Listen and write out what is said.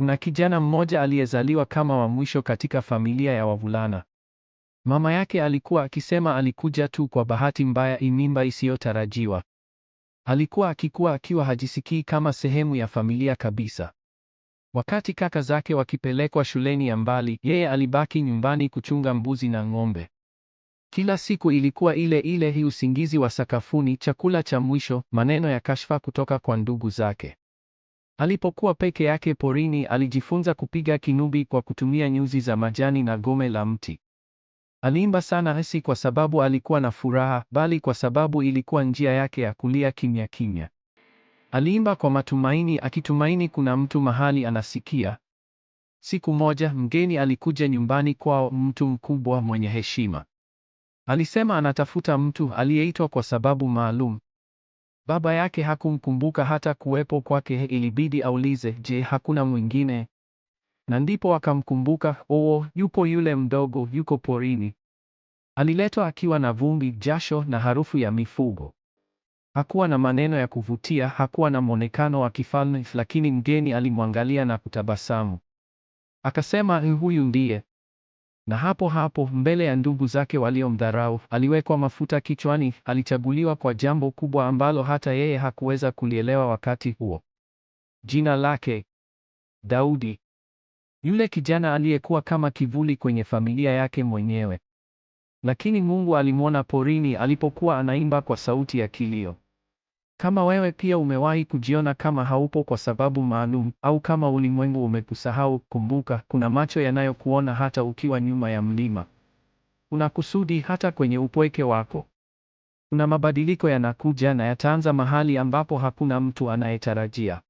Kuna kijana mmoja aliyezaliwa kama wa mwisho katika familia ya wavulana. Mama yake alikuwa akisema alikuja tu kwa bahati mbaya, imimba isiyotarajiwa. Alikuwa akikuwa akiwa hajisikii kama sehemu ya familia kabisa. Wakati kaka zake wakipelekwa shuleni ya mbali, yeye alibaki nyumbani kuchunga mbuzi na ng'ombe. Kila siku ilikuwa ile ile, hii usingizi wa sakafuni, chakula cha mwisho, maneno ya kashfa kutoka kwa ndugu zake. Alipokuwa peke yake porini, alijifunza kupiga kinubi kwa kutumia nyuzi za majani na gome la mti. Aliimba sana, si kwa sababu alikuwa na furaha, bali kwa sababu ilikuwa njia yake ya kulia kimya kimya. Aliimba kwa matumaini, akitumaini kuna mtu mahali anasikia. Siku moja mgeni alikuja nyumbani kwao, mtu mkubwa mwenye heshima. Alisema anatafuta mtu aliyeitwa kwa sababu maalum, Baba yake hakumkumbuka hata kuwepo kwake, ilibidi aulize, je, hakuna mwingine? Na ndipo akamkumbuka, oo, yupo yule mdogo, yuko porini. Aliletwa akiwa na vumbi, jasho na harufu ya mifugo. Hakuwa na maneno ya kuvutia, hakuwa na mwonekano wa kifalme, lakini mgeni alimwangalia na kutabasamu. Akasema, huyu ndiye. Na hapo hapo, mbele ya ndugu zake waliomdharau, aliwekwa mafuta kichwani, alichaguliwa kwa jambo kubwa ambalo hata yeye hakuweza kulielewa wakati huo. Jina lake Daudi. Yule kijana aliyekuwa kama kivuli kwenye familia yake mwenyewe. Lakini Mungu alimwona porini alipokuwa anaimba kwa sauti ya kilio. Kama wewe pia umewahi kujiona kama haupo kwa sababu maalum, au kama ulimwengu umekusahau, kumbuka, kuna macho yanayokuona hata ukiwa nyuma ya mlima. Kuna kusudi hata kwenye upweke wako. Kuna mabadiliko yanakuja na yataanza mahali ambapo hakuna mtu anayetarajia.